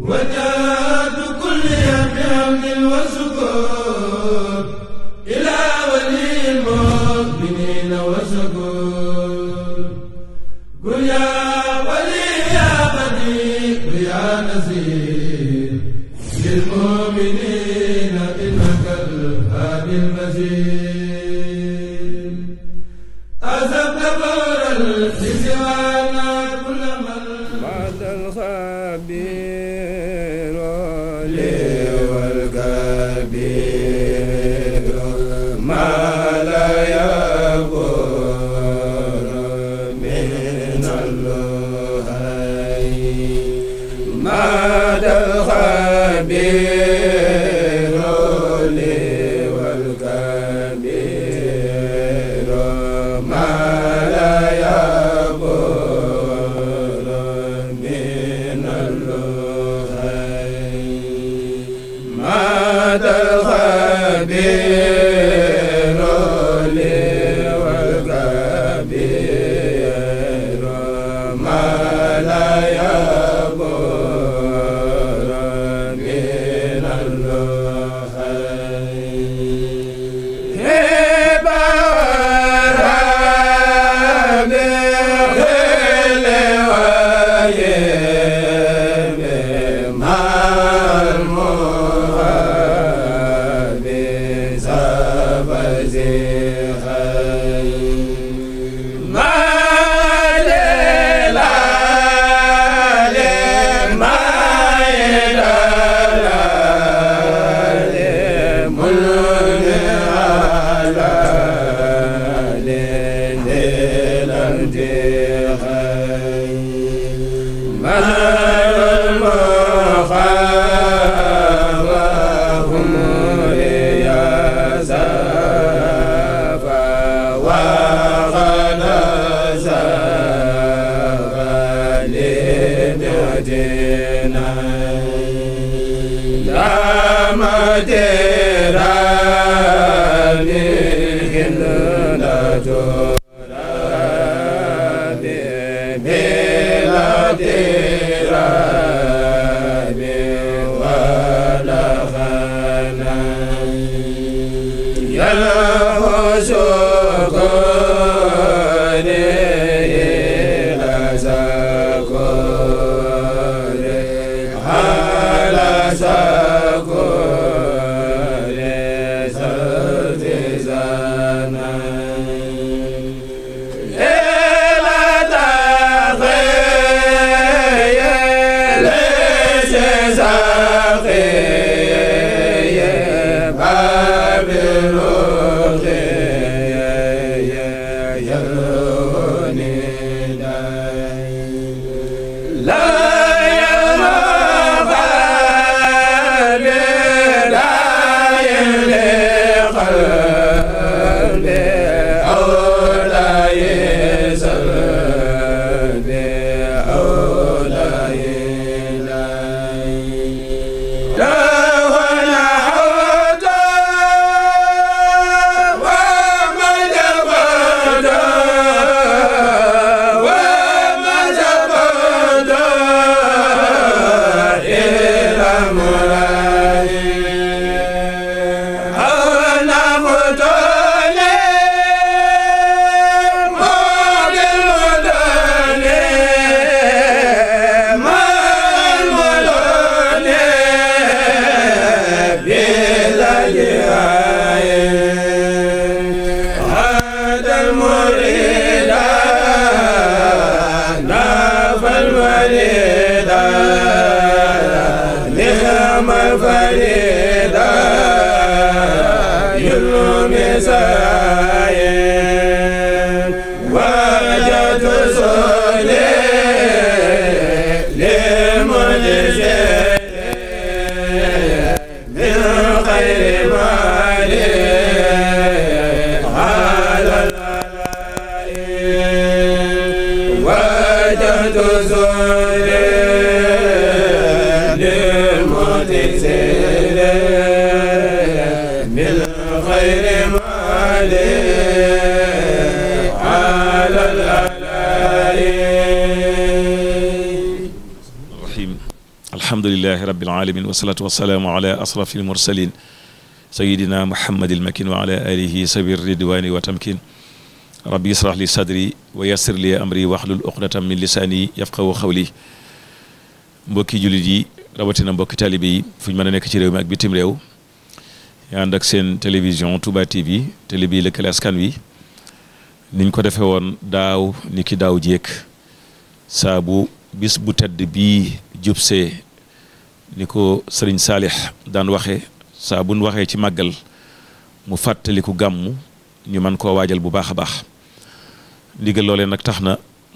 وداد كل يوم وسكون Rasul alhamdulilahi rabbil alamin wasalaatu wasalaamu ala asrafil mursalin sayidina muhammadil makin wa ala alihi sabir ridwani wa tamkin rabbi israh li sadri wa yassir li amri waxlul uqdatam min lisaani yafqahu xawli mbokki jullit yi rawatina mbokki taalibe yi fu ñu mën a nekk ci réew mi ak bitim réew yaa ànd ak seen télévision Touba TV télé bi lëkkale askan wi niñ ko defee woon daaw ni ki daaw jéeg saa bu bis bu tedd bii jub see ni serigne salih dan waxe sa buñ waxe ci magal mu fàttaliku gàmm ñu man ko waajal bu baax a baax ndigal loolee nag tax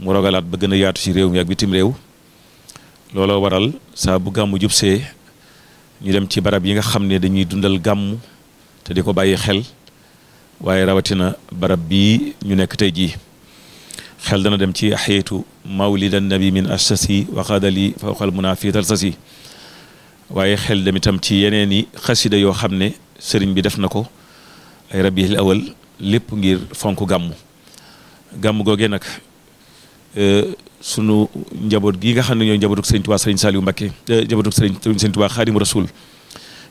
mu rogalat ba gëna yaatu ci rew mi ak bitim rew lolo waral sa bu gamu jubsee ñu dem ci barab yi nga xamne dañuy dundal gàmm te diko ko bàyyi xel waye rawatina barab bi ñu nekk tay ji xel dana dem ci ahyatu mawlidan nabi min ashasi wa qadali fawqa al fi tarsasi waye xel dem itam ci yeneeni i xasida yoo xam ne sëriñ bi def na ko ay rabiul awal lépp ngir fonk gàmmu gàmmu googee nag sunu njaboot gi nga xam ne ñooy njabootu sëriñ Tuubaa sëriñ Saliou Mbacké njabootu sëriñ sëriñ Tuubaa Xaadimu Rasuul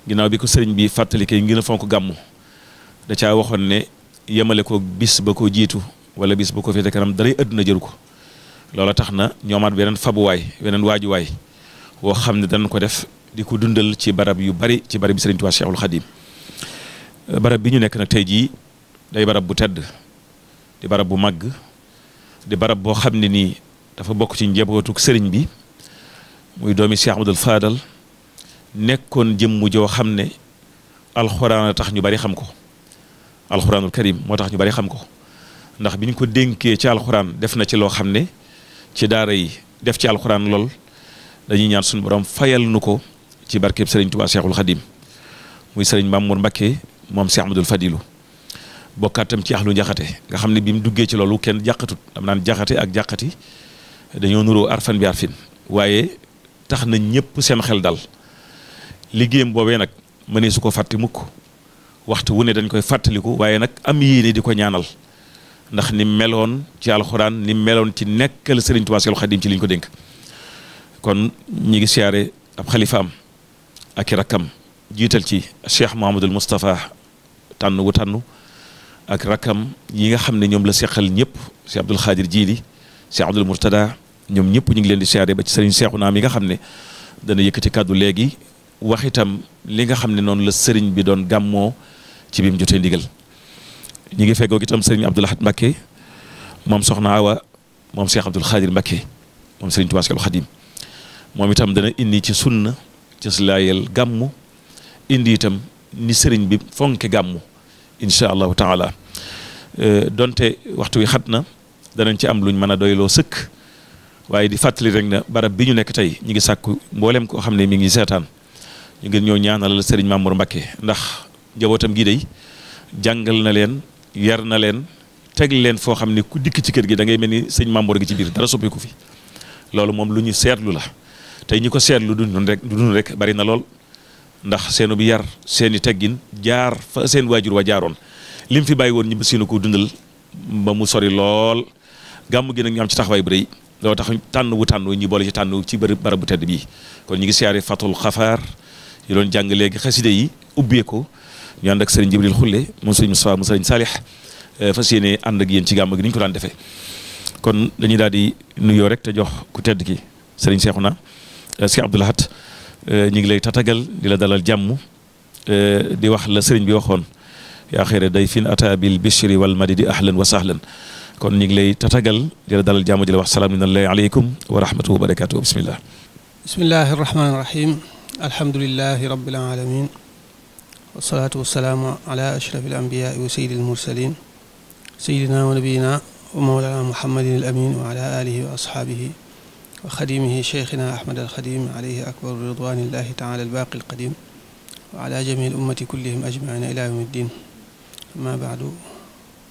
ginnaaw bi ko sëriñ bi fàttali kay ngir na fonk gàmmu da caa waxoon ne yemale ko bis ba ko jiitu wala bis ba ko fete kanam daray àdduna jëru ko loola tax na ñoomaat beneen fabuwaay beneen waajuwaay woo xam ne dan ko def di ko dundal ci barab yu bari ci barab Serigne Touba Cheikhul Khadim eh, barab bi ñu nek nak tay ji day barab bu tedd di barab bu mag di barab bo xamni ni dafa bok ci njabootuk serigne bi muy domi Cheikh Abdoul Fadal nekkon jëm joo xam ne alxuraan tax ñu bari xam ko alquranul karim moo tax ñu bari xam ko ndax biñ ko denké ci alquran def na ci lo xamne ci daara yi def ci alquran lol dañuy ñaan suñu borom fayal nuko ci barkeb serigne touba Cheikhul Khadim muy serigne Mamour Mbakke mom Cheikh Amadou Fadilou bokatam ci axlu jaxate nga xamni ne duggé ci loolu kenn jàqatut am nan jaxate ak jaxati dañu nuro arfan bi arfin waye taxna ñëpp seen xel dal ligéem bobé nak mané suko ko fàtte mukk waxtu wone dañ koy fatali ko waye nak am yéene di ko ñaanal ndax ni melone ci alcorane ni melone ci nekkal serigne touba cheikhul khadim ci liñ ko dénk kon ñi ngi siaré ab khalifa am ak i rakkam ci cheikh Mouhamadul Moustapha tànn wu tànn ak rakkam yi nga xamne ñom la sekkal ñep cheikh Abdoul Khadir Jili cheikh Abdoul murtada ñom ñep ñu ngi leen di siyaare ba ci serigne cheikh naam yi nga xamne dana yëkëti kàddu léegi waxitam li nga xamne non la serigne bi doon gammo ci bimu jotté ndigal ñi ngi feggoog itam serigne Abdoul Ahad Mbacké mom soxna Awa mom cheikh Abdoul Khadir Mbacké mom serigne touba Seexul Xadiim moom itam dana indi ci sunna cëslaayal gàmmu indi itam ni sëriñ bi fonke gàmmu incha allahu taala euh, donte waxtu wi xat na danañ ci am luñ mën a doyloo sëkk waaye di fàttali rek na barab bi ñu nekk tey ñu ngi sàkku mboolem koo xam ne mi ngi seetaan ñu ngi ñoo ñaanalal sëriñ Mamour mbakke ndax njabootam gi day jàngal na leen yar na leen teg leen foo xam ne ku dikk ci kër gi da ngay mel ni sëñ Mamour gi ci biir dara soppeeku fi loolu moom lu ñu seetlu la. tay ñiko ko seetlu dund rek duñ rek bari na lol ndax seenu bi yar seeni teggin jaar fa seen wajur wa jaaron lim fi bayiwon ñi seenu ko dundal ba mu sori lol gàmm gi nak ñam ci taxawaay bu do tax tan wu tan ñi boole ci tan ci tedd bi kon ñi ngi siyaare fatul khafar yi doon jang legi xaside yi ubbe ko ñu and ak serigne Jibril khulle mo serigne musa mo serigne salih eh, fas yéene ak yeen ci gi ñu ko daan defé kon dañuy daal di nuyoo rek te jox ku tedd ki serigne cheikhuna Cheikh Abdoul Ahad ñu ngi lay tatagal di la dalal jàmm di wax la sëriñ bi waxoon yaa xëy day fin ata bil bishri wal madidi ahlan wa sahlan kon ñu ngi lay tatagal di la dalal jàmm di la wax salaam minallahi aleykum wa rahmatuhu wa barakatuhu bismillah bismillahi rahmaani rahim alhamdulillahi rabbil alamin والصلاه والسلام على اشرف الانبياء وسيد المرسلين سيدنا ونبينا ومولانا محمد الامين وعلى اله واصحابه وخديمه شيخنا أحمد الخديم عليه أكبر رضوان الله تعالى الباقي القديم وعلى جميع الأمة كلهم أجمعين إلى يوم الدين ما بعد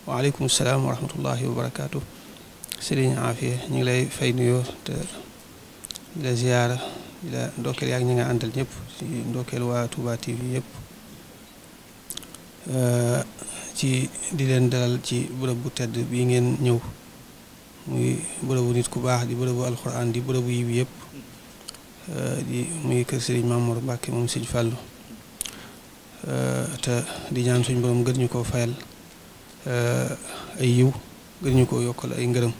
وعليكم السلام ورحمة الله وبركاته سيرين عافية نيلاي في نيور لزيارة إلى دوكل يعني عند النيب دوكل واتوبا تي في يب تي دي لندال تي بربو تد بيين muy bërëbu nit ku baax di bërëbu alxuraan di bërëbu yiw yëpp di muy kër sëriñ Mamour Mbacke moom sëñ Fallou te di ñaan suñ borom gën ñu koo fayal ay yiw gën ñu koo yokkal ay ngërëm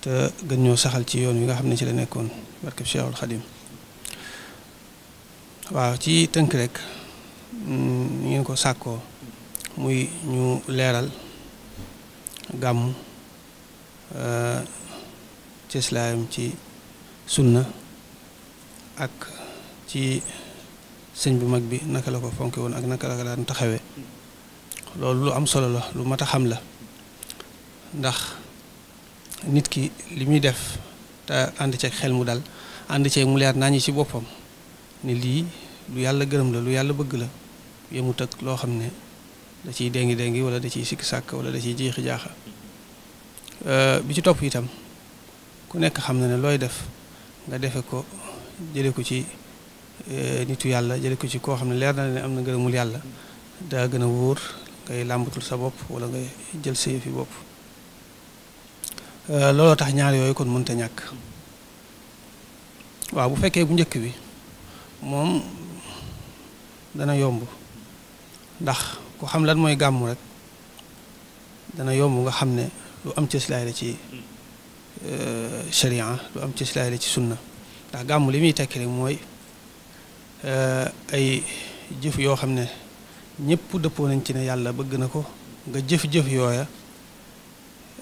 te gën ñoo saxal ci yoon wi nga xam ne ci la nekkoon barke Cheikhul Khadim waaw ci tënk rek ngeen ko sàkkoo muy ñu leeral gàmm cëslaayam ci sunna ak ci sëñ bu mag bi naka la ko fonke woon ak naka la ko daan taxawee loolu lu am solo la lu mat a xam la ndax nit ki li muy def te ànd ceeg xel mu dal ànd ceeg mu leer naa ñi ci boppam ne lii lu yàlla gërëm la lu yàlla bëgg la yemut ak loo xam ne da ciy déngi déngi wala da ciy sikk sàkk wala da ciy jiixi jaaxa Euh, bi ci topp itam ku nekk xam na ne looy def nga defe ko jële ko ci euh, nitu yàlla jële ko ci koo xam ne leer na ne am na ngërëmul yàlla daa gën a wóor ngay làmbatul sa bopp walla ngay jël sa fi bopp euh, looloo tax ñaar yooyu kon mënta ñàkk waaw bu fekkee bu njëkk bi moom dana yomb ndax ku xam lan mooy gàmm rek dana yomb nga xam ne lu am cëslaay la ci euh, sharia lu am cëslaay ci sunna ndax gàmmu li muy tekki rek mooy euh, ay jëf yoo xam ne ñëpp dëppoo nañ ci ne yàlla bëgg na ko nga jëf-jëf yooya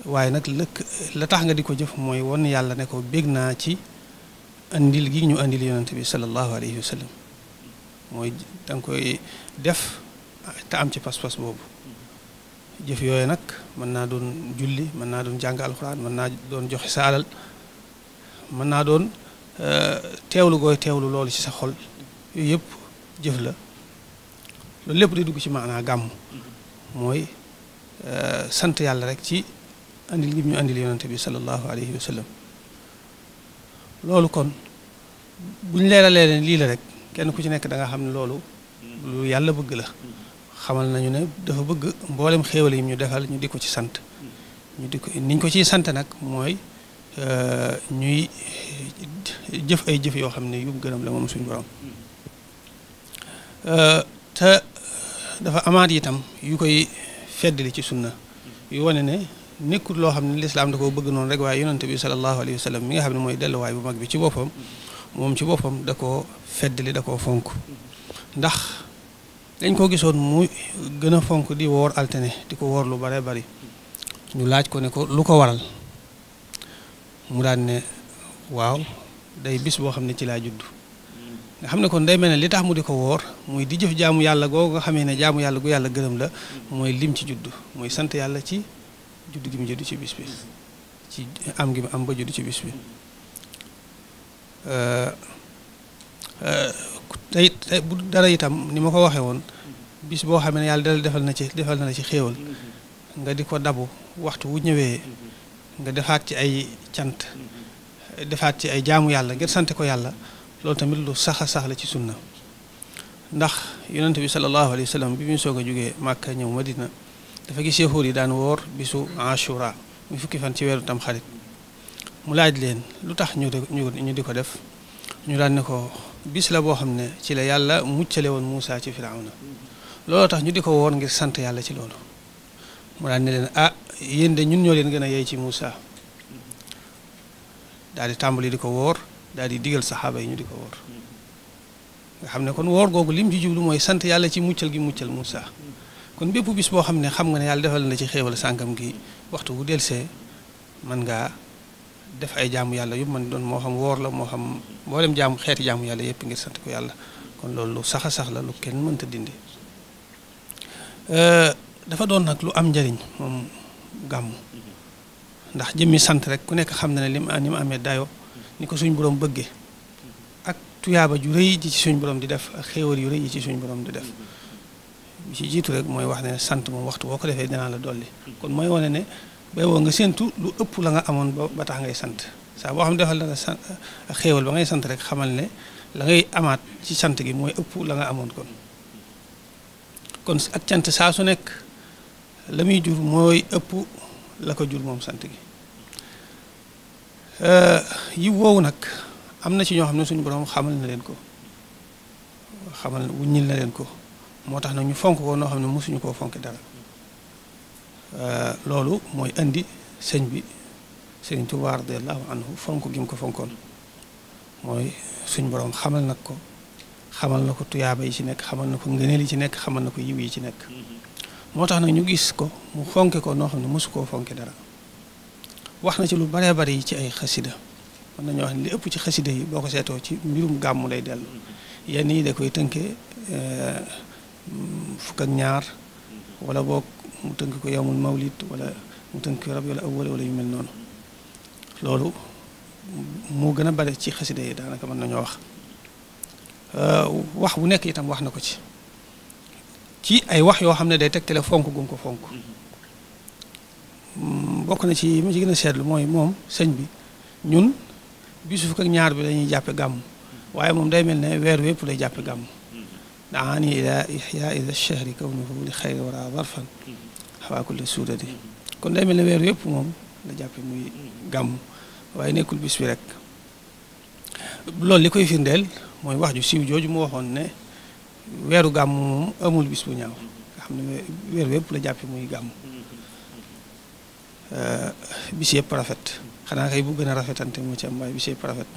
waaye nag lëkk la tax nga di ko jëf mooy wan yàlla ne ko bégg naa ci andil gi ñu andil yonent bi sallallahu alayhi wa mooy da koy def te am ci pas-pas boobu jëf yooyu nag mën naa doon julli mën naa doon jàng alxuraan mën naa doon joxe sa alal mën naa doon euh, teewlu gooy teewlu loolu ci sa xol yooyu yëpp jëf la loolu lépp day dugg ci maanaa gàmm mooy euh, sant yàlla rek ci andil gi ñu andil yonante bi sallallahu alayhi wa sallam loolu kon buñ leeralee leen lii la rek kenn ku ci nekk danga xam ne loolu lu yàlla bëgg la xamal nañu ne dafa bëgg mboolem xéewal yi ñu defal ñu di ko ci sant ñu di ko niñ ko ciy sant nag mooy euh, ñuy jëf ay jëf yoo xam ne yu gënam la moom suñu borom euh, te dafa amaat tam yu koy feddali ci sunna yu wane ne nekkul loo xam ne lislaam da koo bëgg noonu rek waaye yonante bi sallallahu alayhi wa sallam nga xam ne mooy delluwaay bu mag bi ci boppam moom ci boppam da koo feddali da koo fonk ndax dañ ko gisoon mu gën a fonk di woor altine di ko woor lu bare bari ñu laaj ko ne ko lu ko waral mu daan ne waaw day bis boo xam ne ci laa judd nga xam ne kon day mel ne li tax mu di ko woor muy di jëf jaamu yàlla googu nga xamee ne jaamu yàlla gu yàlla gërëm la mooy lim ci juddu mooy sant yàlla ci judd gi mu judd ci bis bi ci am gi mu am ba judd ci bis bi tey bu dara itam ni ma ko waxee woon bis boo xam ne yàlla dal defal na ci defal na ci xéewal nga di ko dabu waxtu wu ñëwee nga defaat ci ay cant defaat ci ay jaamu yàlla ngir sant ko yàlla loolu tamit lu saxa sax la ci sunna ndax yonente bi sallallahu alayhi wa bi muy soog a jógee màkka ñëw ma madina dafa gis yahuud yi daan woor bisu ashura mu fukki fan ci weeru tam xarit mu laaj leen lu tax ñu di ñu di ko def ñu daan ne ko bis la boo xam ne ci la yàlla muccale woon Moussa ci Firawna looloo tax ñu di ko woon ngir sant yàlla ci loolu mu daan ne leen ah yéen de ñun ñoo leen gën a yey ci Moussa daal di tàmbali di ko woor daal di digal saxaaba yi ñu di ko woor nga xam ne kon woor googu lim ci jublu mooy sant yàlla ci muccal gi muccal Moussa kon bépp bis boo xam ne xam nga ne yàlla defal na ci xéewal sàngam gi waxtu bu delsee mën ngaa def ay jaamu yàlla yu man doon moo xam woor la moo xam mboolem jaamu xeeti jaamu yàlla yëpp ngir sant ko yàlla kon loolu lu sax a sax la lu kenn mënta dindi euh, dafa doon nag lu am njariñ moom gàmmu ndax jëmmi sant rek ku nekk xam na ne lim ni mu amee dayo ni ko suñ borom bëggee ak tuyaaba ju rëy ji ci suñ borom di def ak xéewal yu rëy yi ci suñ borom di def bi ci jiitu rek mooy wax ne sant moom waxtu woo ko defee dinaa la dolli kon mooy wane ne bay woo nga séntu lu ëpp la nga amoon ba tax ngay sant saa boo xam ne defal na la sant xéewal ba ngay sant rek xamal ne la ngay amaat ci sant gi mooy ëpp la nga amoon kon kon ak cant saa su nekk la muy jur mooy ëpp la ko jur moom sant gi yi woowu nag am na ci ñoo xam ne suñu borom xamal na leen ko xamal wuññil na leen ko moo tax na ñu fonk ko noo xam ne mosuñu koo fonk dara Euh, loolu mooy indi sëñ bi sëriñ Tuubaa radiyallaahu anhu fonk gi mu ko fonkoon mooy suñ boroom xamal nag ko xamal na ko tuyaaba yi ci nekk xamal na ko ngëneel yi ci nekk xamal na ko yiw yi ci nekk moo tax nag ñu gis ko mu fonke ko noo xam ne mosu koo fonke dara wax na ci lu baree bari ci ay xasida mën nañoo wax ne li ëpp ci xasida yi boo ko seetoo ci mbirum gàmmu lay dellu yenn yi de koy tënke euh, fukk ak ñaar wala boog موتنك يوم المولد ولا موتنك ربي الاول ولا يمل نون لولو مو غنا بالي شي خسيده دا آه، نك من نيو واخ ا واخ بو نيك يتام واخ نكو شي اي واخ يو خامني داي تك تليفون كو غونكو فونكو بوكنا ما جي غنا نون بيسوف كاك ñaar bi dañuy jappé gam waye mom day melne wèr wépp lay jappé gam da hani ila ihya ila ash-shahri kawnuhu xawaakule suudadi kon day mel ne weer yëpp moom la jàppe muy gàmm waaye nekkul bis bi rek loolu li koy firndeel mooy wax ju siiw jooju mu waxoon ne weeru gàmm moom amul bis bu ñaaw nga xam ne weer yëpp la jàppe muy gàmm bis yëpp rafet xanaa kay bu gën rafetante moo ci am waaye bis yëpp rafet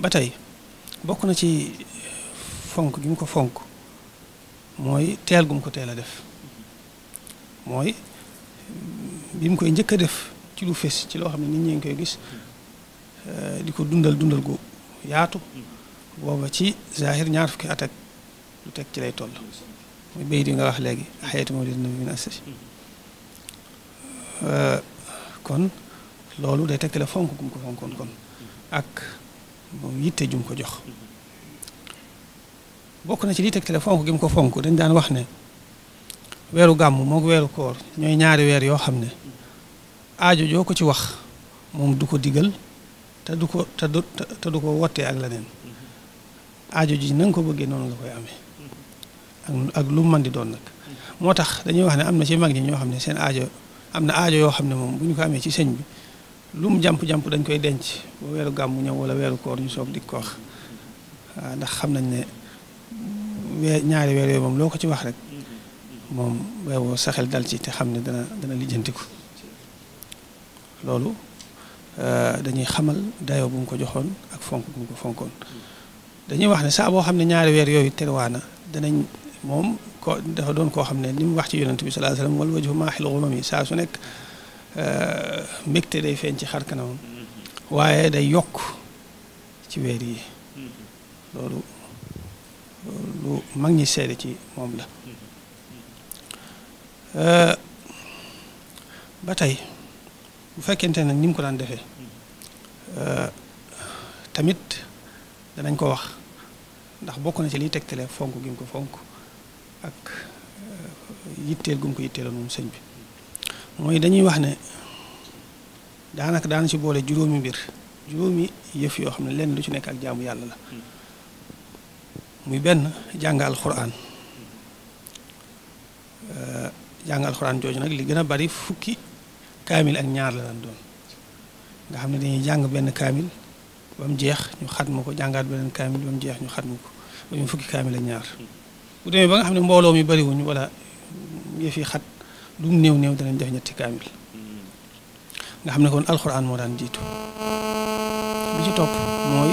ba tey bokk na ci fonk gi mu ko fonk mooy teel gum ko teel a def mooy bi mu koy njëkk def ci lu fés ci loo xam ne nit ñi ngi koy gis euh, di ko dundal dundal gu yaatu booba ci zahir ñaar fukki at ak lu teg ci lay toll mooy béy di nga wax léegi xeeti moo di nabi min assasi euh, kon loolu day tegtale fonk gum ko fonkoon kon ak moom yitte jum ko jox bokk na ci li tegtale fonk gi mu ko fonk dañ daan wax ne weeru gàmm moog weeru koor ñooy ñaari weer yoo xam ne aajo joo ko ci wax moom du ko digal te du ko te du du ko wottee ak leneen aajo ji na ko bëggee noonu nga koy amee ak lu mu mën di doon nag moo tax dañuy wax ne am na ci mag ñi ñoo xam ne seen aajo am na aajo yoo xam ne moom bu ñu ko amee ci señ bi lu mu jàmp-jàmp dañ koy denc ba weeru gàmm ñëw wala weeru koor ñu soog di ko wax waaw ndax xam nañ ne ñaari weer yooyu moom loo ko ci wax rek moom wéwo saxel dal ci te xam ne dana dana lijjantiku loolu dañuy xamal dayo bu mu ko joxoon ak fonk bu mu ko fonkoon dañuy wax ne saa boo xam ne ñaari weer yooyu terwaana danañ moom ko dafa doon koo xam ne ni mu wax ci yonent bi sallallahu alayhi wasallam wal wajhu maahil ghumam yi saa su nekk mbégte day feeñ ci xar kanamam waaye day yokk ci weer yi loolu lu mag ñi seede ci moom la mm-hmm. euh, ba tey bu fekkente nag ni mu ko daan defee euh, tamit danañ ko wax ndax bokk na ci liy tegtale fonk gi mu ko fonk ak euh, yitteel gu mu ko yitteeloon moom sëñ bi mooy dañuy wax ne daanaka daana ci boole juróomi mbir juróomi yëf yoo xam ne lenn lu ci nekk ak jaamu yàlla la mm-hmm. muy benn jàngal alxuraan eh, jàngal alxuraan jooju nag li gën a bari fukki kaamil ak ñaar la lan doon nga xam ne dañuy jàng benn kaamil ba mu jeex ñu xatma ko jàngaat beneen kaamil ba mu jeex ñu xatma ko ba ñu fukki kaamil ak ñaar bu demee ba nga xam ne mbooloo mi bariwuñu wala yëf yi xat lu mu néew néew danañ def ñetti kaamil nga xam ne kon alxuraan moo daan jiitu bi ci topp mooy.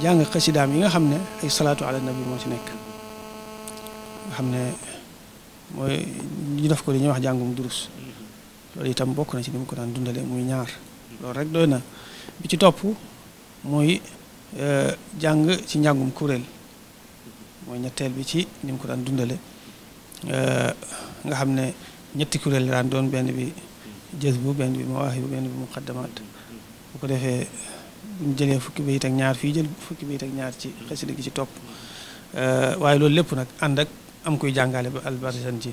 jang qasidam yi nga xamne ne ay salatu ala nabi mo ci nek xamne moy ne ñu def ko li ñu wax jangum durus lolu itam bokku na ci ni ko daan dundale muy ñaar lolu rek doyna na bi ci moy euh jang ci njàngum kurel moy ñettel bi ci ni ko daan dundale e, nga xamne ñetti kurel la daan doon benn bi jazbu bu benn bi mawahib benn bi muqaddamat. bu ko defee buñ jëlee fukki bayit ak ñaar fii jël fukki bayit ak ñaar ci xasida gi ci topp euh, waaye loolu lépp nag ànd ak am koy jàngale ba albarsan ci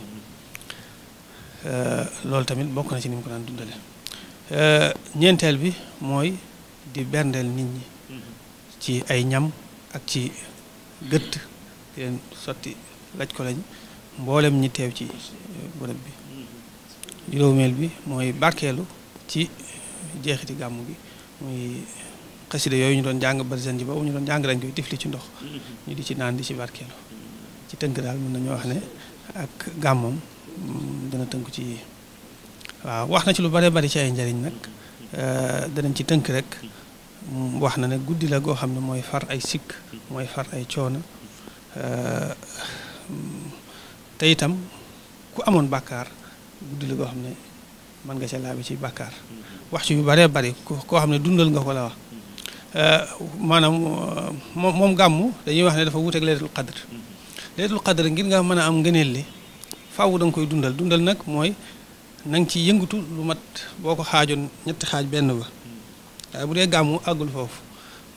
euh, loolu tamit bokk na ci ni mu ko daan dundale euh, ñeenteel bi mooy di berndeel nit ñi ci ay ñam ak ci gëtt di leen sotti laj ko lañ mboolem ñi teew ci bërëb bi juróomeel bi mooy barkeelu ci jeexiti gàmmu gi muy xasida yooyu ñu doon jàng barzen ji boobu ñu doon jàng dañ koy tifli ci ndox mm-hmm. ñu di ci naan di ci barkeelu ci tënk daal mën nañu wax ne ak gàmmoom mm, dana tënk ci yi waaw wax na ci lu bare bari ci ay njariñ nag euh, danañ ci tënk rek mm, wax na ne guddi la goo xam ne mooy far ay sikk mooy far ay coono euh, mm, te itam ku amoon bàkkaar guddi la goo xam ne mën nga ca laabi ci bàkkaar mm-hmm. wax ci yu bare bari koo xam ne dundal nga ko la wax Eh, maanaam eh, moom moom gàmmu dañuy wax ne dafa wuuteeg leetul qadr leetul qadr ngir nga mën a am ngëneel li faw danga koy dundal dundal nag mooy na nga ciy yëngatu lu mat boo ko xaajoon ñetti xaaj benn ba waaye bu dee gàmmu àggul foofu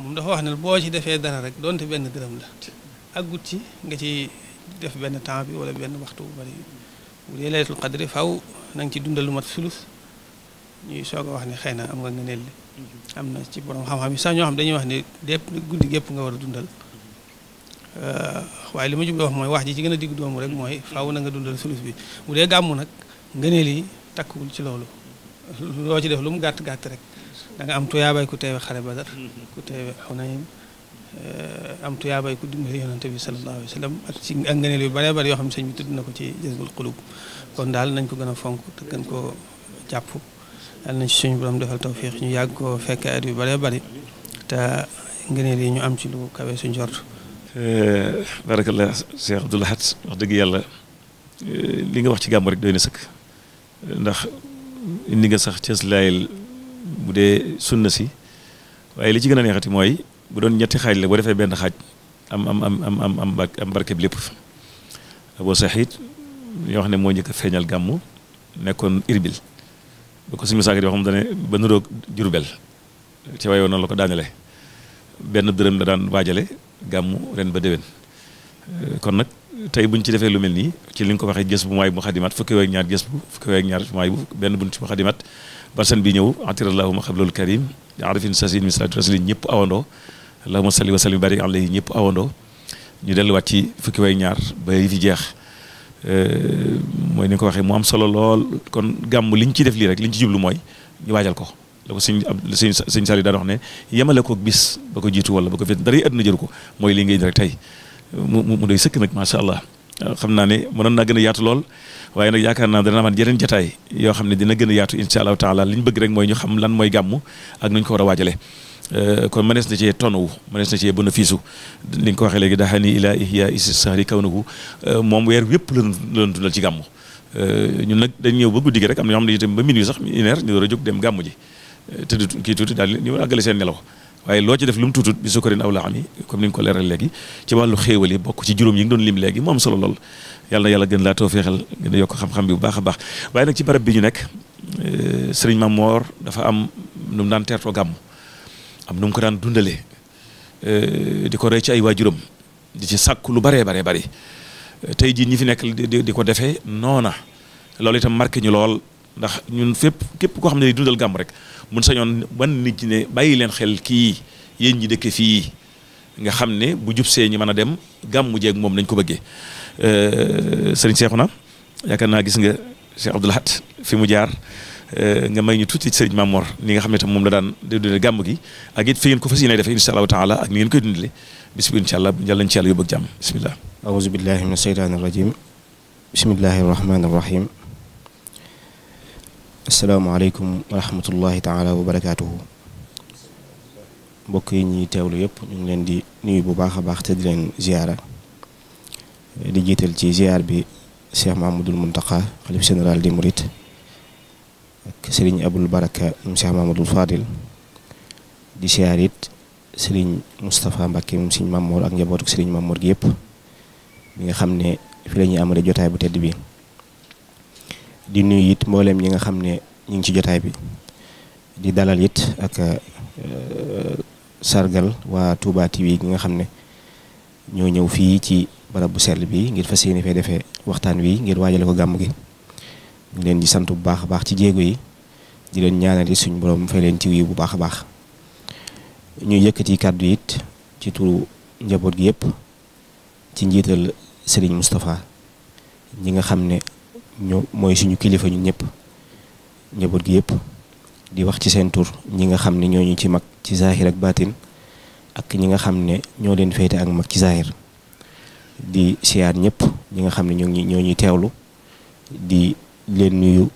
moom dafa wax ne boo ci defee dara rek donte benn dërëm la àggut ci nga ci def benn temps bi wala benn waxtu bu bari bu dee leetul qadr faaw na nga ci dundal lu mat sulus ñuy soog a wax ne xëy naa am nga ngëneel li am na ci borom xam-xam yi sax ñoo xam dañuy wax ne dépp guddi gépp nga war a dundal waaye li ma jublu wax mooy wax ji ci gën a digg doomu rek mooy faaw na nga dundal sulus bi bu dee gàmmu nag ngëneel yi takkuwul ci loolu loo ci def lu mu gàtt gàtt rek da nga am tuyaabay ku teewe xare badar ku teewe xunayn eh, am tuyaabay ku dimbali yonante bi sallallahu alayhi wa sallam ak ci ak ngëneel yu bare bare yoo xam ne bi tudd na ko ci jazbul qulub kon daal nañ ko yal na ci suñu borom defal tawfiix ñu yàgg ko fekk at yu bëree bëri te ngëneel yi ñu am ci lu kawe suñ jort. Eh, barakallah Cheikh Abdou Lahad wax dëgg yàlla eh, li nga wax ci gàmmu rek doy na sëkk ndax indi nga sax cës laayil bu dee sunna si waaye li ci gën a neexati mooy bu doon ñetti xaaj la boo defee benn xaaj am am am am am am am barke bi lépp Abu Saxiid ñoo xam ne moo njëkk feeñal gàmmu nekkoon Irbil. bu ko suñu saako di wax moom dane ba nuroog Jurbel ci waaye noonu la ko daanele benn dërëm la daan waajale gàmmu ren ba déwén kon nag tey buñ ci defee lu mel nii ci li nga ko waxee gës bu maay bu xadimaat fukki weer ñaar gës bu fukki weer ak ñaar maay bu benn bunt bu xadimaat barsan bi ñëw atirallahuma xablul karim arifin sasin min salatu rasulin ñëpp awandoo allahuma salli wa sallim barik alayhi ñëpp awandoo ñu delluwaat ci fukki weer ñaar ba yi fi jeex Euh, mooy ni ko waxee mu am solo lool kon gàmm liñ ci def lii rek liñ ci jublu mooy ñu waajal ko la ko sëñ sa sëñ sëñ Saliou daan wax ne yemale ko bis ba ko jiitu wala ba ko fi dara àdduna jëru ko mooy lii ngay rek tey mu mu doy sëkk nag macha allah euh, xam naa ne mënoon naa gën a yaatu lool waaye nag yaakaar naa dana amaat yeneen jataay yoo xam ne dina gën a yaatu incha allah taala li ñu bëgg rek mooy ñu xam lan mooy gàmm ak nuñ ko war a waajalee Euh, kon mënees na cee tonawu mënees na cee bénéfice u li nga ko waxee léegi daxani ilaa ihya isi sahri kaw nahu euh, moom weer wépp la doon dundal ci gàmmu euh, ñun nag dañ ñëw ba guddi gi rek am na ñoo xam ne itam ba minuit sax une heure a jóg dem gàmmu ji tëdd kii tuuti daal ñu àggale seen nelaw waaye loo ci def lu mu tuutut bi sukkarin aw laxam yi comme ni nga ko leeral léegi ci wàllu xéewal yi bokk ci juróom yi nga doon lim léegi moom solo lool yàlla na yàlla gën laa toofeexal gën a yokk xam-xam bi baax a baax waaye nag ci barab bi ñu nekk sëriñ Mamor dafa am nu mu daan teertoo am nu mu ko daan dundalee eh, di ko rey ci ay waajuram di ci sàkk lu baree baree bari tey jii ñi fi nekk di ko defee noona loolu itam marqué ñu lool ndax ñun fépp képp koo xam ne di dundal gàmm rek mun sañoon ban nit ñi ne bàyyi leen xel kii yéen ñi dëkk fii nga xam ne bu jub see ñi mën a dem gàmmu jeeg moom nañ ko bëggee sëriñ eh, Seexuna yaakaar naa gis nga Cheikh Abdoul Ahad fi mu jaar. nga may ñu tuuti sëriñ Mamor li nga xamne tam mom la daan dundale gamu gi ak it feyen ko fasiyene def inshallah taala ak ni ngeen koy dundale bismillah inshallah incha allah yàlla nañ ci yàlla yobuk jam bismillah a'udhu billahi minash shaitanir rajim bismillahir rahmanir rahim assalamu alaykum wa rahmatullahi taala wa barakatuh mbokk yi ñi tewlu yep ñu ngi leen di nuyu bu baax baax te di leen ziyara di jiital ci ziyaar bi Cheikh Mahmoudul muntaka xalif général di Murit ak sëriñ Abul Baraka moom Cheikh Fadil di siyaar it sëriñ Moustapha Mbacke moom sëriñ Mamour ak njabootu sëriñ Mamour gi yëpp mi nga xam ne fi la ñuy amale jotaay bu tedd bi di nuyu it mbooleem ñi nga xam ne ñu ngi ci jotaay bi di dalal it ak euh, sargal waa Touba TV gi nga xam ne ñoo ñëw fii ci barab bu sell bi ngir fas yéene fee defee waxtaan wi ngir waajale ko gàmm gi. ñu leen di sant bu baax a baax ci jéego yi di leen ñaanali suñ borom fay leen ci wi bu baax baax ñuy yëkkati kàddu it ci turu njaboot gi yëpp ci njiital Serigne Moustapha ñi nga xam ne ñoo mooy suñu kilifa ñun ñëpp njaboot gi yëpp di wax ci seen tur ñi nga xam ne ñoo ci mag ci zahir ak baatin ak ñi nga xam ne ñoo leen féete ak mag ci zahir di siyaar ñëpp ñi nga xam ne ñoo ñuy ñoo ñuy teewlu di. leen nuyu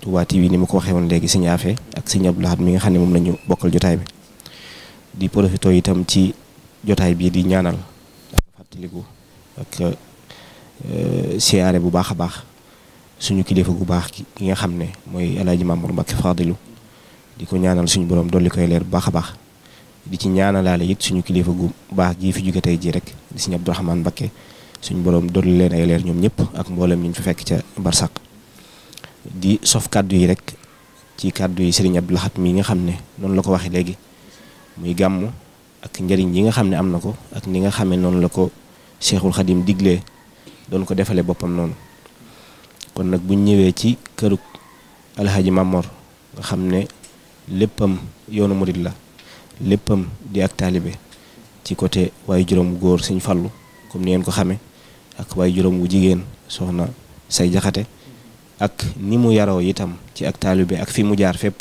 Touba TV ni ma ko waxee woon léegi sëñ Afe ak sëñ Abdou Lahad mi nga xam ne moom la ñu bokkal jotaay bi di profito itam ci jotaay bii di ñaanal ak fàttaliku ak euh, siyaare bu baax a baax suñu kilifa gu baax ki nga xam ne mooy El Hadj Mamour Mbacke Fadilu di ko ñaanal suñu borom dolli koy leer bu baax a baax di ci ñaanalaale it suñu kilifa gu baax gii fi jóge tey jii rek di sëñ Abdou Rahman Mbacke suñu borom dolli leen ay leer ñoom ñëpp ak mboolem ñu fi fekk ca Barsak. di sof kàddu yi rek ci kàddu yi Serigne Abdou Lahad mi nga xam ne noonu la ko waxee léegi muy gàmm ak njëriñ yi nga xam ne am na ko ak ni nga xamee noonu la ko Cheikhul Khadim digle doon ko defalee boppam noonu kon nag buñ ñëwee ci kërug Alhaji Mamor nga xam ne léppam yoonu murit la léppam di ak taalibe ci côté waaye juróom góor Sëñ Fallu comme ni ngeen ko xame ak waaye juróom wu jigéen soxna say jaxate ak ni mu yaroo itam ci ak taalibe ak fi mu jaar fépp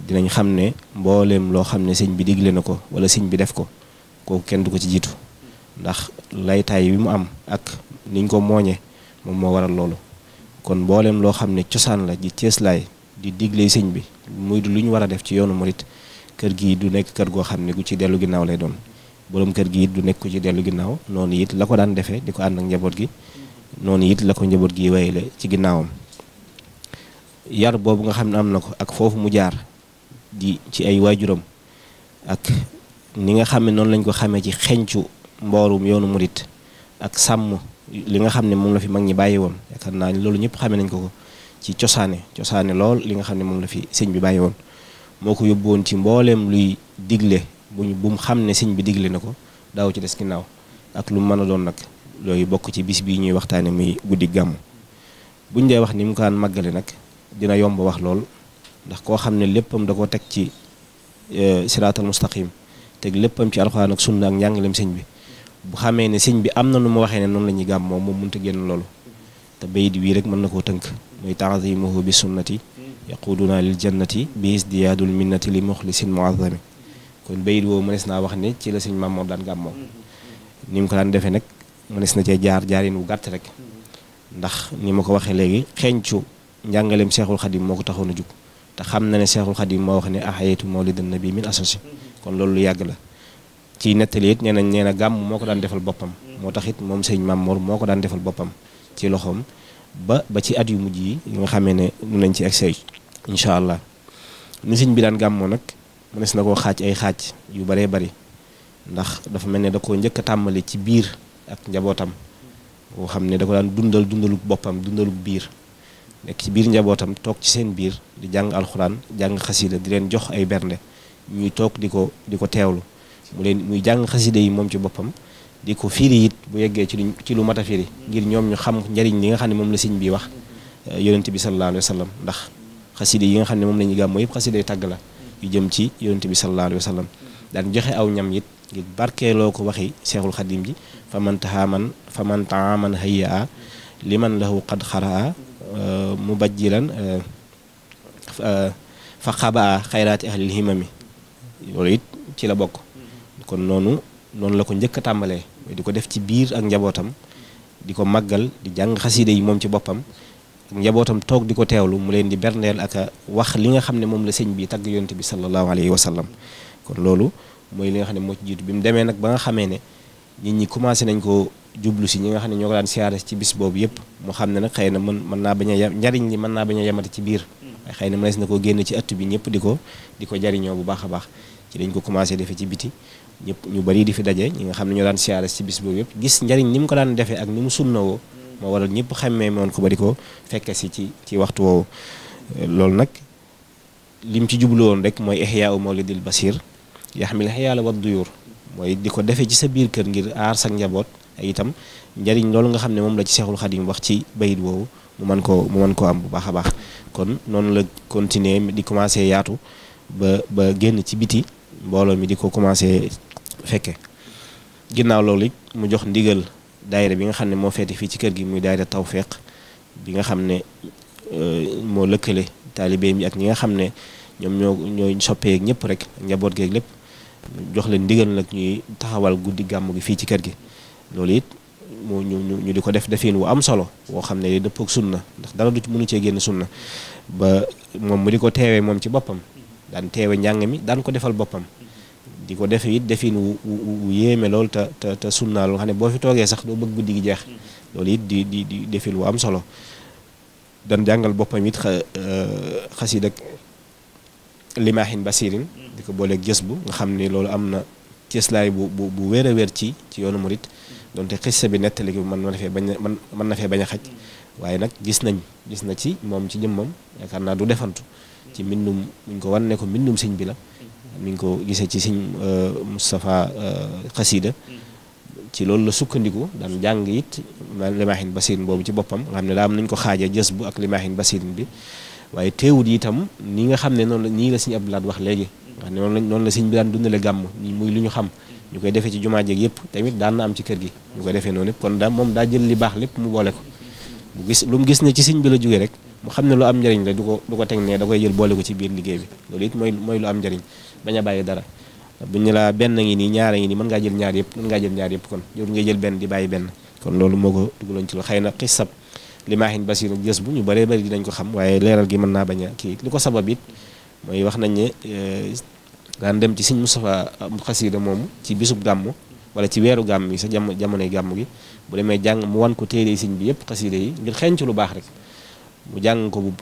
dinañ xam ne mbooleem loo xam ne sëñ bi digle na ko wala sëñ bi def ko kooku kenn du ko ci jiitu ndax laytaay bi mu am ak niñ ko mooñee moom moo waral loolu kon mbooleem loo xam ne cosaan la di cëslaay di digle sëñ bi muy du lu ñu war a def ci yoonu murit kër gi du nekk kër goo xam ne ku ci dellu ginnaaw lay doon boroom kër gi it du nekk ku ci dellu ginnaaw noonu it la ko daan defee di ko ànd ak njaboot gi noonu it la ko njaboot gi wéyale ci ginnaawam yar boobu nga xam ne am na ko ak foofu mu jaar di ci ay waajuram ak ni nga xam ne noonu lañ ko xamee ci xencu mboorum yoonu murit ak sàmm li nga xam ne moom la fi mag ñi bàyyi woon yaakaar naa ni loolu ñëpp xamee nañ ko ko ci cosaane cosaane lool li nga xam ne moom la fi sëñ bi bàyyi woon moo ko yóbbu woon ci mbooleem luy digle buñ bu mu xam ne sëñ bi digle na ko daaw ci des ginnaaw ak lu mën a doon nag looyu bokk ci bis bii ñuy waxtaane muy guddi gàmm buñ dee wax ni mu kaan màggale nag dina yomb wax loolu ndax koo xam ne léppam da ko teg ci euh, siraatal mustaqim teg léppam ci alxuraan ak sunna ak njàngaleem sëñ bi bu xamee ne sëñ bi am na nu ma waxee ne noonu la ñuy gàmm moom moom mënta génn loolu te bayit wii rek mën na koo tënk mooy muy taazimuhu bi sunnati yaquduna lil jannati bi isdiyaadul minnati li muxlisin muazami kon bayit woo mënees naa wax ne ci la sëñ maam moo daan gàmmoo ni mu ko daan defee nag mënees na cee jaar jaarin gàtt rek ndax ni ma ko waxee léegi xeeñcu njàngaleem seexul yi moo ko taxoon a jug te xam na ne seexul yi moo wax ne ahayatu mawlidan nabi min asasi kon loolu lu yàgg la ci nettali it nee nañ nee na gàmm moo ko daan defal boppam moo taxit moom sëñ Maam moo ko daan defal boppam ci loxoom ba ba ci at yu mujj yi nga xamee ne nu nañ ci egg incha allah ni bi daan gàmmoo nag mënees na koo xaaj ay xaaj yu baree bari ndax dafa mel ne da koo njëkk a tàmbali ci biir ak njabootam boo xam ne da daan dundal dundalub boppam dundalub biir nekk ci biir njabootam toog ci seen biir di jàng alxuraan jàng xasida di leen jox ay bernde ñuy toog di ko di ko teewlu mu leen muy jàng xasida yi moom ci boppam di ko firi it bu yeggee ci lu ci lu mat ngir ñoom ñu xam njariñ li nga xam ne moom la sëñ bi wax eh, yonent bi sallallahu alayhi wa sallam ndax xasida yi nga xam ne moom la ñuy gàmmoo yëpp xasida yi tàgg la yu jëm ci yonent bi sallallahu alayhi wa sallam daan joxe aw ñam it ngir barkeeloo ko waxi seexul xadim ji faman taaman faman taaman hayya a liman lahu qad xaraa mu euh, mubajjilan euh, euh, fa xabaa xayraati ahlil himami loolu it ci la bokk kon noonu noonu la ko njëkk a tàmbalee di ko def ci biir ak njabootam di ko maggal di jàng xasiida yi moom ci boppam ak njabootam toog di ko teewlu mu leen di berndeel ak wax li nga xam ne moom la sëñ bi tagg yonte bi sallallahu alayhi wa kon loolu mooy li nga xam ne moo ci jiitu bi mu demee nag ba nga xamee ne nit ñi commencé nañ ko jublu si ñinga nga ñoko daan siyaare ci bis bobu yépp mu nak xeyna man man na baña mën naa li man na baña yamati ci biir waaye mm. xëy na mënees na koo génn ci ëtt bi ñepp diko ko di ko bu baaxa baax ci dañ ko commencé def ci biti ñepp ñu bari di fi dajé ñinga nga xam ñoo daan siyaare ci bis bobu yépp gis ñariñ nim ko daan defee ak ni sunna wo mo mm. waral ñepp xamé mon ko ba ko fekké ci ci ci waxtu wo lool nak lim ci jublu won rek mooy ihyaa'u mawlidil basir yahmil xiyaala wad duyur moy di ko ci sa biir kër ngir ar sak njabot itam njariñ loolu nga xam ne moom la ci Seexul mu wax ci bayit woowu mu man koo mu mën koo am bu baax a baax kon noonu la continuer di commencé yaatu ba ba génn ci biti mbooloo mi di ko commencé fekke ginnaaw loolu it mu jox ndigal daayira bi nga xam ne moo feete fii ci kër gi muy daayira Tawfeex bi nga xam ne euh, moo lëkkale taalibe mi ak ñi nga xam ne ñoom ñoo ñooy soppeek ñëpp rek njaboot geeg lépp jox leen ndigal nag ñuy taxawal guddi gàmm gi fii ci kër gi loolu it mu ñu ñu di ko def defin wu am solo woo xam ne dëpp ak sunna ndax dara du mënu cee génn sunna ba moom mu di ko teewee moom ci boppam daan teewe njàng mi daan ko defal boppam di ko defe it defin wu wu yéeme lool te te te sunna lu xam ne boo fi toogee sax doo bëgg guddi gi jeex loolu it di di di defin wu am solo dan jàngal boppam it euh, xasida ak limaahin basirin di ko booleeg jës bu nga xam ne loolu am na bu bu bu wér a wér ci ci yoonu murit donte xissa bi nettali gi man mën na fee bañ a mën na fee bañ xaj waaye nag gis nañ gis na ci moom ci jëmmam yaakaar naa du defantu ci mbindum muñ ko wan ne ko mbindum sëñ bi la mi ngi ko gisee ci sëñ euh, Moustapha euh, xasida ci loolu la sukkandiku daan jàng it limaaxin basirin boobu ci boppam nga xam ne daa am nañ ko xaaja jës bu ak limaaxin basirin bi waaye teewut yi tam nii nga xam ne noonu la nii la sëñ Abdou Lahad wax léegi nga xam ne noonu la noonu la sëñ bi daan dundale gàmm muy lu ñu xam ñukay défé ci jumaa jeeg yépp tamit daan am ci kër gi ñu défé non noonu kon da mom da jël li bax lepp mu bolé ko bu gis lu mu gis né ci siñ bi la juggé rek mu xamné ne lu am jariñ la duko duko tek né ne da koy jël bolé ko ci biir liggéey bi loolu it moy moy lu am jariñ baña bayyi dara buñu la ben ngi ni ñaara ngi ni mën nga jël ñaar yépp mën nga jël ñaar yépp kon yow nga jël ben di bayyi ben kon loolu moko dugulon ci lu xeyna qissab limahin basir jess buñu bare bare dinañ ko xam waye leeral gi mën na baña ki liko sababit moy wax nañ ne euh, daan dem ci sëñ Moustapha xasida moomu ci bisub gàmm wala ci weeru gàmm yi sa jam jamonoy gàmm gi bu demee jàng mu wan ko téere sëñ bi yëpp xasida yi ngir xeeñ ci lu baax rek mu jàng ko bu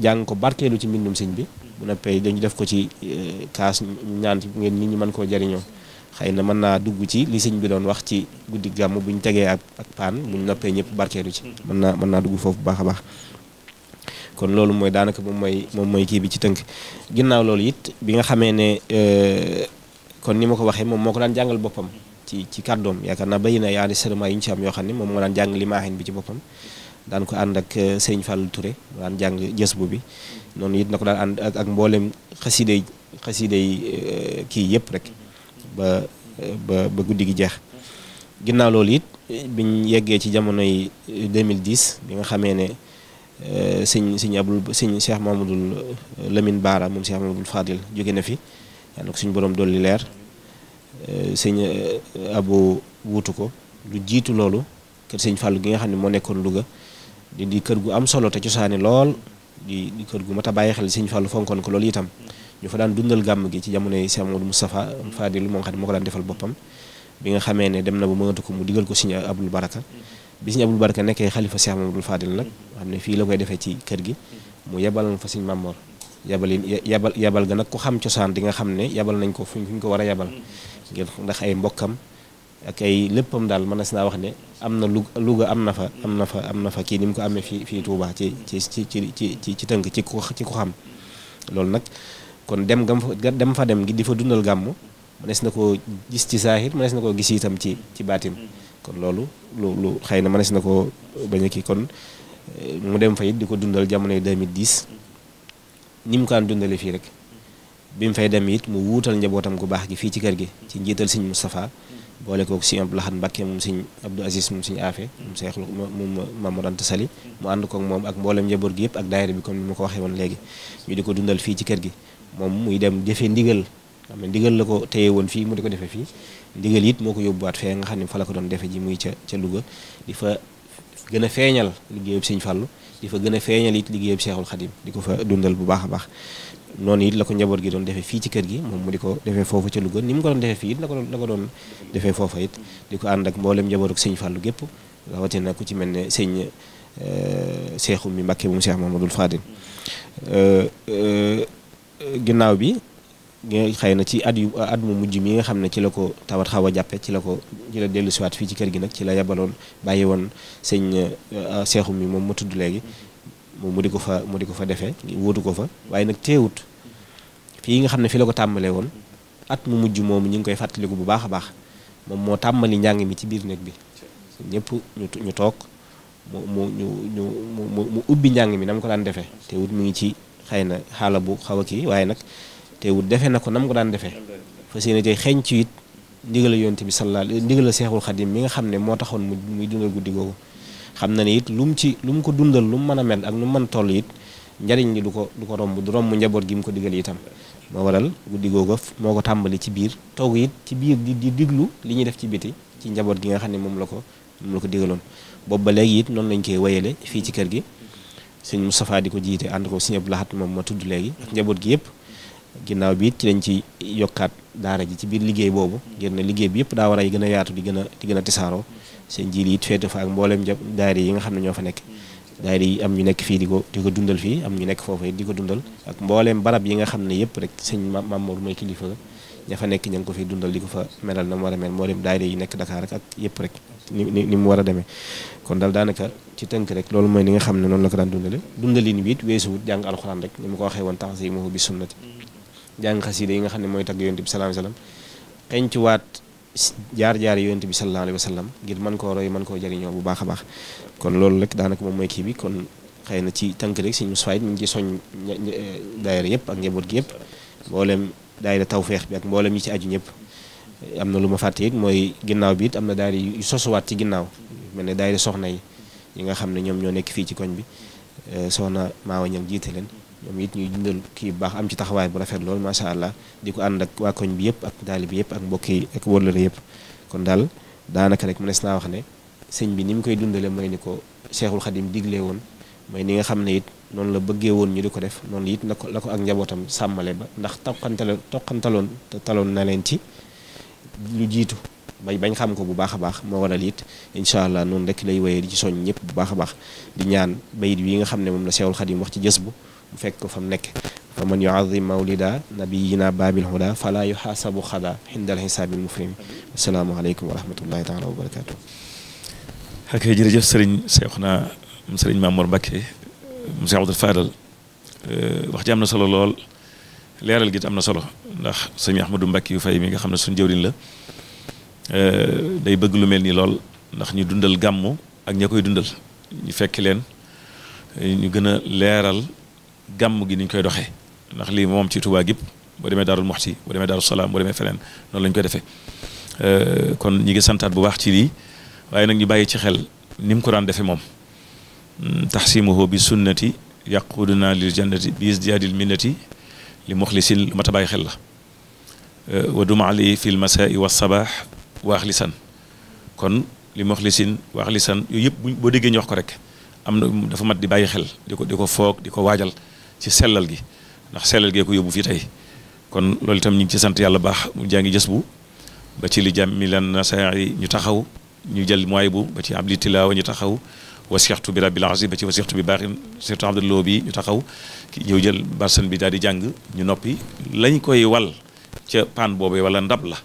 jàng ko barkeelu ci mbindum sëñ bi bu noppee dañu def ko ci eh, kaas ñaan ci ngeen nit ñi mën koo jariñoo xëy na mën naa dugg ci li sëñ bi doon wax ci guddi gàmm bu ñu tegee ak ak paan bu ñu noppee ñëpp barkeelu ci mën naa mën naa dugg foofu bu baax a baax kon loolu mooy daanaka moom mooy moom mooy kii bi ci tënk ginnaaw loolu it bi nga xamee ne euh, kon ni ma ko waxee moom moo ko daan jàngal boppam ci ci kàddoom yaakaar naa bëri na yaani serment yi ñu ci am yoo xam ne moom moo daan jàng limaaxin bi ci boppam daan ko ànd ak euh, Serigne Fallou Touré mu daan jàng jës bi noonu it na ko daan ànd ak ak mboolem xasiday xasiday euh, kii yëpp rek ba ba ba guddi gi jeex ginnaaw loolu it biñ yeggee ci jamonoy 2010 bi nga xamee ne Eh, sëñ sëñ abdul sëñ Cheikh Mamadul Lamine Baara moom Cheikh Mamadul faadil jóge na fi yàlla na ko suñu borom dolli leer eh, sëñ eh, Abo wuutu ko lu jiitu loolu kër sëñ Fallou gi nga xam ne moo nekkoon luga di di kër gu am solo te cosaani lool di di kër gu mat a bàyyi xel sëñ Fallou fonkoon ko loolu itam ñu fa daan dundal gàmm gi ci jamonoy Cheikh Mamadou Moustapha Fadil moom xam ne moo ko daan defal boppam bi nga xamee ne dem na ba mënatu ko mu digal ko sëñ Abdul Baraka bi sëñ bark Baraka nekkee xalifa Cheikh Mamadou Fadil nag xam ne fii la koy defee ci kër gi mu yebaloon fa sëñ Mamor yabal yabal yabal ga nag ku xam cosaan di nga xam ne yabal nañ ko fu ñu ko war a yabal ngir ndax ay mbokkam ak ay léppam daal mën naa wax ne am na lu Louga am na fa am na fa am na fa kii ni mu ko amee fii fii Touba ci ci ci ci ci ci tënk ci ko ci ko xam loolu nag kon dem gam fa dem fa dem gi di fa dundal gàmmu gàmm mënees na ko gis ci saahir mënees na koo gis itam ci ci baatin kon lolu lu lu xëy na ko bañ kon eh, mu dem fa diko di dundal jamono 2010 nim kan dundale fi rek bim fay dem it mu wutal njabotam gu bax gi fi ci kër gi ci njiital sëñ Moustapha boole kook sëñ Abdou Lahad Mbacké mum seigne Abdou Aziz mum seigne Afé mum cheikh mum Mamadou Sali mu ko ak mom ak mbolam njabor gi yep ak daayira bi comme ni mako ko won légui ñu di dundal fi ci kër gi mom muy dem jëfé ndigal xam na ndigal la ko téye woon fii mu di ko defee fii ndigal it moo ko yóbbuwaat fee nga xam ne fa la ko doon defe ji muy ca ca Louga di fa gën a feeñal liggéeyub Sëñ Fallu di fa gën a feeñal it liggéeyub Seexul Xadim di ko fa dundal bu baax a baax noonu it la ko njaboot gi doon defee fii ci kër gi moom mu di ko defee foofu ca Louga ni mu ko doon defee fii it ko doon la defee foofa it di ko ànd ak mboolem njabootu Sëñ Fallu gépp rawatina ku ci mel ne sëñ eh, Seexu mi Mbàkke moom Seex Mamadul Fadil eh, eh, ginnaaw bi xëy na ci at at mu mujj mi nga xam ne ci la ko tawat xaw a jàppe ci la ko ci la dellu siwaat fii ci kër gi nag ci la yebaloon bàyyi woon sëñ euh, euh, seexum mi moom mu tudd léegi moom mu di ko fa mu di ko fa defee wóotu ko fa waaye nag teewut fii nga xam ne fi la ko tàmbalee woon at mu mujj moomu ñu ngi koy fàttaliku bu baax a baax moom moo tàmbali njàng mi ci biir néeg bi ñëpp ñu ñu toog mu ñu ñu ubbi njàng mi na mu ko daan defee teewut mu ngi ci xëy na xaala bu xaw a kii waaye nag te wut defee na ko nam ko daan defee fas yéene tey xeeñ ci it ndigal yonent bi sallallaahu alayhi ndigal seexul xadim mi nga xam ne moo taxoon mu muy dundal guddi googu xam na ne it lu mu ci lu mu ko dundal lu mu mën a mel ak lu mu mën toll it njariñ li du ko du ko romb du romb njaboot gi mu ko digal itam moo waral guddi googu moo ko tàmbali ci biir toog it ci biir di di diglu li ñuy def ci biti ci njaboot gi nga xam ne moom la ko moom la ko digaloon boobu ba léegi it noonu lañ koy wayale fii ci kër gi sëñ Moustapha di ko jiite ànd ko sëñ Abdou Lahat moom ma tudd léegi ak njaboot gi yëpp ginnaaw bi it ci lañ ci yokkaat daara ji ci biir liggéey boobu ngir ne liggéey bi yëpp daa war a gën a yaatu di gën a di gën a tisaaroo seen jiil it féete fa ak mboolem jab yi nga xam ne ñoo fa nekk daara am ñu nekk fii di ko di ko dundal fii am ñu nekk foofu it di ko dundal ak mbooleem barab yi nga xam ne yëpp rek sëñ Mamour mooy kilifa ña fa nekk ña ngi ko fiy dundal di ko fa melal na mu war a mel mboolem daara yi nekk Dakar ak yëpp rek ni mu war a demee kon dal daanaka loolu mooy li nga xam ne noonu la ko daan dundale dundalin bi it weesuwut jàng alxuraan rek ni mu ko waxee woon taxasi bi sunnati jàng xasida yi nga xam ne mooy tagg yonent bi salaam salaam xencuwaat jaar-jaar yonent bi sallallahu alayhi wa sallam ngir mën koo roy man koo jariñoo bu baaxa baax kon loolu rek daanaka moom mooy kii bi kon xëy na ci tànk rek Sëñ Moussa it mu ngi ci soñ eh, daayira yëpp ak njaboot gi yëpp mboolem daayira tawfeex bi ak mboolem yi ci aju ñëpp am na lu ma fàtte it mooy ginnaaw bi it am na daayira yu sosuwaat ci ginnaaw mel ne daayira soxna yi yi nga xam ne ñoom ñoo nekk fii ci koñ bi eh, soxna Maawa Ñang jiite leen ñoom it ñuy dundal kii baax am ci taxawaay bu rafet lool macha allah di ko ànd ak waa koñ bi yëpp ak daali bi yëpp ak mbokk yi ak wëllëre yëpp kon daal daanaka rek mënees naa wax ne sëñ bi ni mu koy dundale mooy ni ko Cheikhul Khadim digle woon mooy ni nga xam ne it noonu la bëggee woon ñu di ko def noonu it na ko la ko ak njabootam sàmmale ba ndax toqantaloon toqantaloon te taloon na leen ci lu jiitu bay bañ xam ko bu baax a baax moo waral it incha allah noonu rek lay wéyee di ci soñ ñëpp bu baax a baax di ñaan bayit wi nga xam ne moom la Cheikhul Khadim wax ci jës bu fekk ko fa mu nekk fa man yuazim mawlida nabiyina babil huda fala yuhasabu xada xindal xisaabil mufrim asalaamaaleykum wa rahmatullahi taala wa barakatu ak jërëjëf sëriñ Seexuna sëriñ Mamour Mbacké mu Seex Abdul Fadal wax ji am na solo lool leeral gi am na solo ndax sëñ Ahmadou Mbacké yu fay mi nga xam ne suñ jëwriñ la day bëgg lu mel nii lool ndax ñu dundal gàmmu ak ña koy dundal ñu fekki leen ñu gën a leeral gàmm gi ni ñu koy doxee ndax lii moom ci Tuubaa gépp boo demee Daarul Muxti boo demee Daarul Salaam boo demee feneen noonu la ñu koy defee kon ñi ngi santaat bu baax ci lii waaye nag ñu bàyyi ci xel ni mu ko daan defee moom taxsimuhu bi sunnati yaquduna lil jannati bi isdiadil minnati li muxlisin lu mat a bàyyi xel la wa dumaali fi l masaai wa sabaax waax lisan kon li muxlisin waax lisan yooyu yëpp boo déggee ñu wax ko rek am na dafa mat di bàyyi xel di ko di ko foog di ko waajal ci sellal gi ndax sellal gee ko yóbbu fii tey kon loolu itam ñu ngi ci sant yàlla baax mu jaa ngi jës bu ba ci li jàmmi lan nasayi ñu taxaw ñu jël mooy bu ba ci abli tilaawa ñu taxaw wasixtu bi rabbil azim ba ci wasixtu bi baaxin surtout abdaloo bi ñu taxaw ki ñëw jël barsan bi daal di jàng ñu noppi lañ koy wal ca paan boobu wala ndab la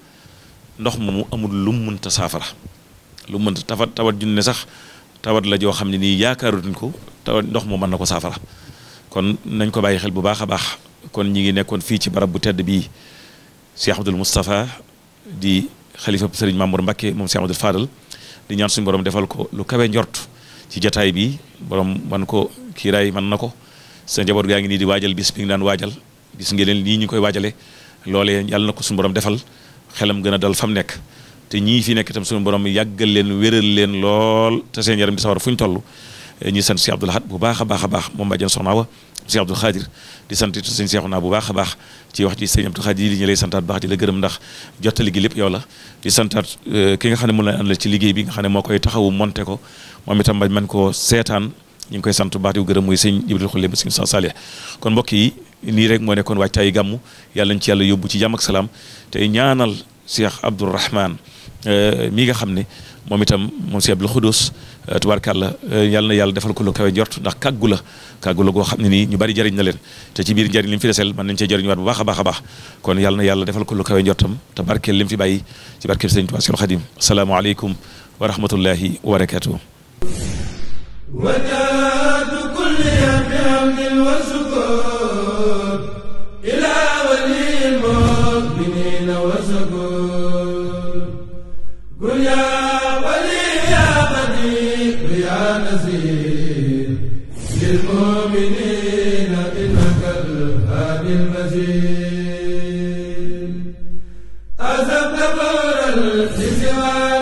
ndox moomu amul lu mënta saafara lu mënta tawat tawat junne sax tawat la joo xam ne nii yaakaarutuñ ko tawat ndox mu mën na ko saafara kon nañ ko bàyyi xel bu baax a baax kon ñi ngi nekkoon fii ci barab bu tedd bii Cheikh Abdoul Moustapha di xalifa Serigne Mamour Mbacké moom Cheikh Abdoul Fadal di ñaan suñ borom defal ko lu kawe njort ci jataay bii borom man ko kiiraay man na ko sa njaboot gaa ngi nii di waajal bis bi nga daan waajal gis ngeen leen lii ñu koy waajale loolee yàlla na ko suñu borom defal xelam gën a dal fam nekk te ñii fi nekk itam suñu borom yàggal leen wéral leen lool te seen yaram di fu ñu toll ñuy sant si Abdoul Ahad bu baax a baax a baax moom bàjjen soxna wa si Abdoul Khadir di sant it sëñ Seexuna bu baax a baax ci wax ci sëñ Abdoul Khadir li ñu lay santaat baax di la gërëm ndax jottali gi lépp yow la di santaat euh, ki nga xam ne mun la àndal ci liggéey bi nga xam ne moo koy taxawu monté ko moom itam bañ man koo seetaan ñu ngi koy sant bu baax di gërëm muy sëñ Ibrahima Khoule sëñ Sa Salih kon mbokk yi lii rek moo nekkoon waajtaayu gàmmu yàlla ñu ci yàlla yóbbu ci jàmm ak salaam tey ñaanal Cheikh Abdourahman euh, mi nga xam ne moom itam moom si Abdoul Khoudous Eh, tubaarkàlla eh, yàlla na yàlla defal ko lu kawe njort ndax kàggu la kàggu la goo xam ne nii ñu bari jariñ na leen te ci biir njëriñ li mu fi desel mën nañ cee jëriñuwaat bu ba a baax a baax kon yàlla na yàlla defal ko lu kawe njortam te barkeel li mu fi bàyyi ci barkeel sëñ Tuubaa Seexul Xadiim asalaamaaleykum wa rahmatullahi wa barakaatuh التواء